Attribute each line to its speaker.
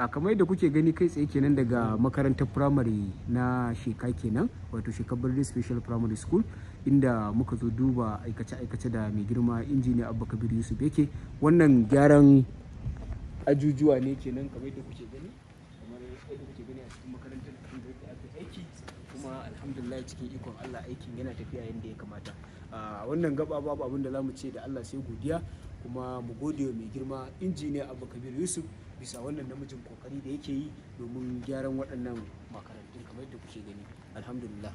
Speaker 1: a kamar yadda kuke gani kai tsaye kenan daga makarantar primary na sheka kenan wato sheka birnin special primary school inda muka zo duba aikace-aikace da mai girma injiniya abba kabir yusuf yake wannan gyaran ajujuwa ne kenan kamar yadda kuke gani kamar yadda kuke gani a cikin makarantar da aka aiki kuma alhamdulillah cikin ikon allah aikin yana tafiya yadda ya kamata a wannan gaba babu abin da za mu ce da allah sai godiya kuma mu gode mai girma injiniya abu kabir yusuf bisa wannan namijin kokari da yake yi domin gyaran waɗannan makarantun kamar yadda kuke gani alhamdulillah